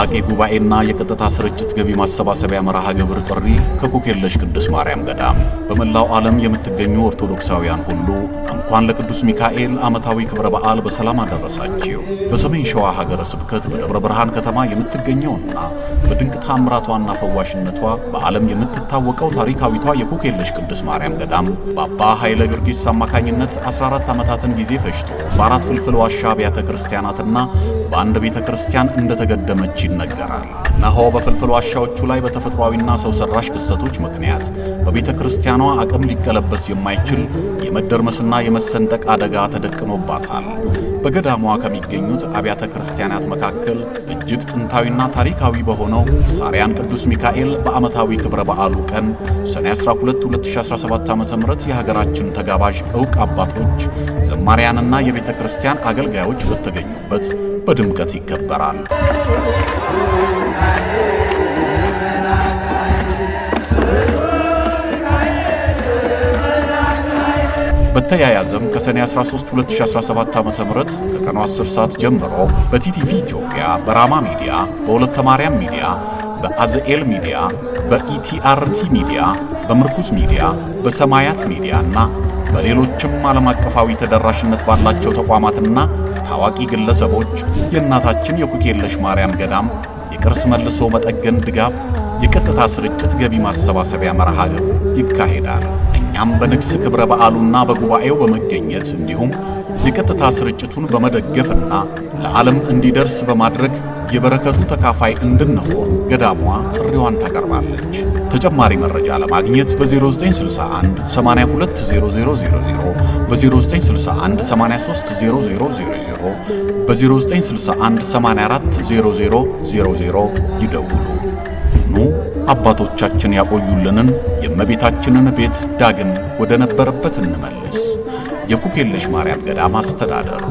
አቂ ጉባኤና የቀጥታ ስርጭት ገቢ ማሰባሰቢያ መርሃ ግብር ጥሪ ከኩኬለሽ ቅዱስ ማርያም ገዳም። በመላው ዓለም የምትገኙ ኦርቶዶክሳውያን ሁሉ እንኳን ለቅዱስ ሚካኤል ዓመታዊ ክብረ በዓል በሰላም አደረሳችሁ። በሰሜን ሸዋ ሀገረ ስብከት በደብረ ብርሃን ከተማ የምትገኘውና በድንቅ ታምራቷና ፈዋሽነቷ በዓለም የምትታወቀው ታሪካዊቷ የኩኬለሽ ቅዱስ ማርያም ገዳም በአባ ኃይለ ጊዮርጊስ አማካኝነት 14 ዓመታትን ጊዜ ፈጅቶ በአራት ፍልፍል ዋሻ አብያተ ክርስቲያናትና በአንድ ቤተ ክርስቲያን እንደተገደመች ይነገራል። ናሆ በፍልፍል ዋሻዎቹ ላይ በተፈጥሯዊና ሰው ሰራሽ ክስተቶች ምክንያት በቤተ ክርስቲያኗ አቅም ሊቀለበስ የማይችል የመደርመስና የመሰንጠቅ አደጋ ተደቅኖባታል። በገዳሟ ከሚገኙት አብያተ ክርስቲያናት መካከል እጅግ ጥንታዊና ታሪካዊ በሆነው ሳሪያን ቅዱስ ሚካኤል በዓመታዊ ክብረ በዓሉ ቀን ሰኔ 12 2017 ዓ ም የሀገራችን ተጋባዥ ዕውቅ አባቶች ዘማሪያንና የቤተ ክርስቲያን አገልጋዮች በተገኙበት በድምቀት ይከበራል። በተያያዘም ከሰኔ 13 2017 ዓ.ም ከቀኑ 10 ሰዓት ጀምሮ በቲቲቪ ኢትዮጵያ፣ በራማ ሚዲያ፣ በሁለተ ማርያም ሚዲያ፣ በአዘኤል ሚዲያ፣ በኢቲአርቲ ሚዲያ፣ በምርኩስ ሚዲያ፣ በሰማያት ሚዲያ እና በሌሎችም ዓለም አቀፋዊ ተደራሽነት ባላቸው ተቋማትና ታዋቂ ግለሰቦች የእናታችን የኩክ የለሽ ማርያም ገዳም የቅርስ መልሶ መጠገን ድጋፍ የቀጥታ ስርጭት ገቢ ማሰባሰቢያ መርሃ ግብር ይካሄዳል። እኛም በንግስ ክብረ በዓሉና በጉባኤው በመገኘት እንዲሁም የቀጥታ ስርጭቱን በመደገፍና ለዓለም እንዲደርስ በማድረግ የበረከቱ ተካፋይ እንድንሆን ገዳሟ ጥሪዋን ታቀርባለች። ተጨማሪ መረጃ ለማግኘት በ0961 820000፣ በ0961 830000፣ በ0961 840000 ይደውሉ። ሁሉ አባቶቻችን ያቆዩልንን የእመቤታችንን ቤት ዳግም ወደ ነበረበት እንመልስ። የኩክ የለሽ ማርያም ገዳም አስተዳደር